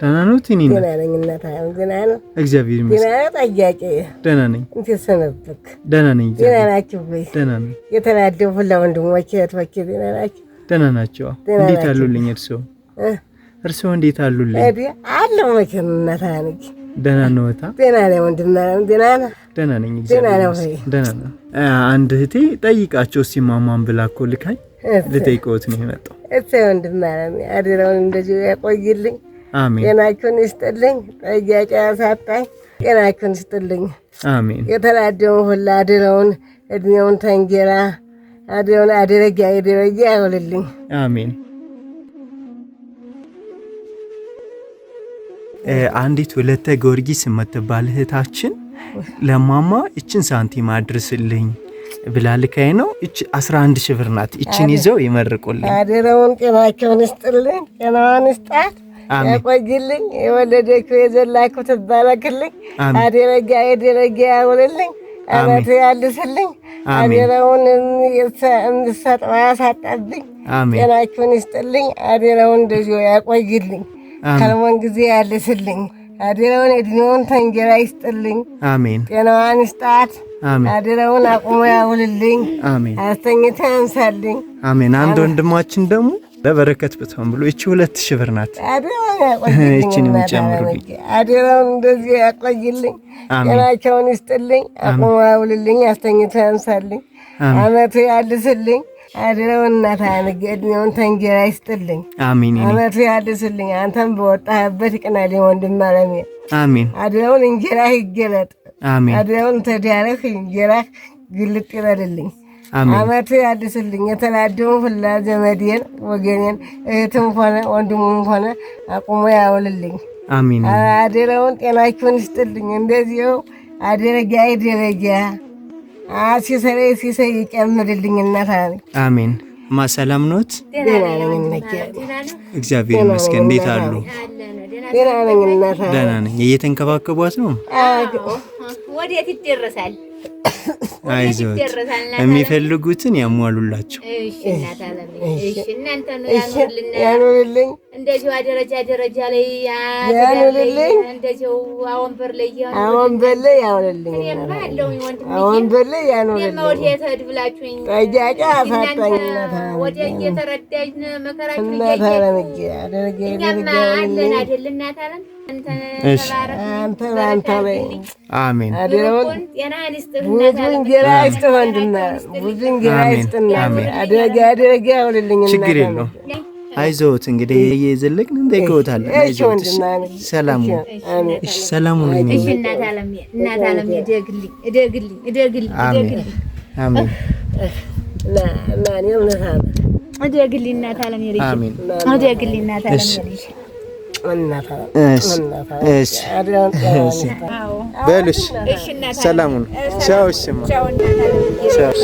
ደህና ነው። ቲኒ እግዚአብሔር ይመስገን። ደህና ነኝ። እንዴት ሰነበትክ? ደህና ነኝ። ደህና ናችሁ ወይ? ደህና ነኝ። የተናደው ሁላ እህቶቼ ደህና ናቸው? ደህና ናቸው። እንዴት አሉልኝ እርስዎ? እርስዎ እንዴት አሉልኝ? መቼም ደህና ነው። እህታ ደህና ነኝ። ወንድም ደህና ነህ? ደህና ነኝ። ደህና ነው። አንድ እህቴ ጠይቃቸው ሲማማን ብላ እኮ ልካኝ ልጠይቀውት ነው የመጣው እሰይ ያቆይልኝ፣ ጤናችሁን ይስጥልኝ። ጠያቂ ያሳጣኝ፣ ጤናችሁን ይስጥልኝ። የተራደውን ሁላ አድረውን እድሜውን ተንጌራ አደራውን አደረጃ ያውልልኝ። አሜን። አንዲት ሁለተ ጊዮርጊስ የምትባል እህታችን ለማማ ይችን ሳንቲም አድርስልኝ ብላ ልካይ ነው። እች 11 ሺህ ብር ናት። እችን ይዘው ይመርቁልኝ። አደረውን ጤናቸውን ይስጥልኝ፣ ጤናዋን ይስጣት፣ ያቆይልኝ። የወለደችው የዘላኩ ትባረክልኝ። አደረጋ የደረጋ ያውልልኝ፣ አመቱ ያልስልኝ። አደረውን እንሰጠው ያሳጣብኝ፣ ጤናቸውን ይስጥልኝ። አደረውን እንደዚሁ ያቆይልኝ፣ ከልሞን ጊዜ ያልስልኝ። አድረውን እድሜውን ተንጀራ ይስጥልኝ። አሜን። ጤናዋን ይስጣት። አሜን። አድረውን አቁሞ ያውልልኝ። አሜን። አስተኝታ ያንሳልኝ። አሜን። አንድ ወንድማችን ደግሞ ለበረከት ብትሆን ብሎ ይቺ ሁለት ሺህ ብር ናት። ይችን የሚጨምሩልኝ አድረውን እንደዚህ ያቆይልኝ። ጤናቸውን ይስጥልኝ። አቁሞ ያውልልኝ። አስተኝታ ያንሳልኝ። አመቱ ያልስልኝ አድረውና ታንገድነውን ተንጀራ ይስጥልኝ፣ አሜን። እውነቱ ያድስልኝ፣ አንተም በወጣህበት ይቅናል። ወንድም ማለሜ አሜን። አድረውን እንጀራህ ይገለጥ፣ አሜን። አድረውን ተዳረህ እንጀራህ ግልጥ ይበልልኝ፣ አመቱ ያድስልኝ። የተናደሙ ሁላ ዘመዴን ወገኔን እህትም ሆነ ወንድሙም ሆነ አቁሞ ያውልልኝ፣ አሜን። አድረውን ጤናችሁን ይስጥልኝ። እንደዚሁ አደረጃ ደረጃ ሲሰሬ ሲሰይ ይጨምርልኝ እናት። አሜን። እማ ሰላም ኖት? እግዚአብሔር ይመስገን። እንዴት አሉ? ደህና ነኝ። እየተንከባከቧት ነው? ወዴት ይደረሳል? አይዞት፣ የሚፈልጉትን ያሟሉላቸው። እሺ እናንተ ነው እንደዚሁ አደረጃ ደረጃ ላይ ያውልልኝ፣ እንደዚሁ አወንበር ላይ ላይ ያውልልኝ፣ አወንበር ላይ ያኑርልኝ። ወዴት ሄድ ጠያቂ አሳጣኝነት ወዴት መከራችሁ አንተ በአንተ ላይ አሜን። አደረውን ብዙ እንጀራ ብዙ እንጀራ ያውልልኝ። ችግር የለውም አይዞት እንግዲህ እየዘለቅን እንጠይቀውታለን። ሰላሙ በሉሽ፣ ሰላሙ ነው። ቻው፣ እሺ፣ ቻው፣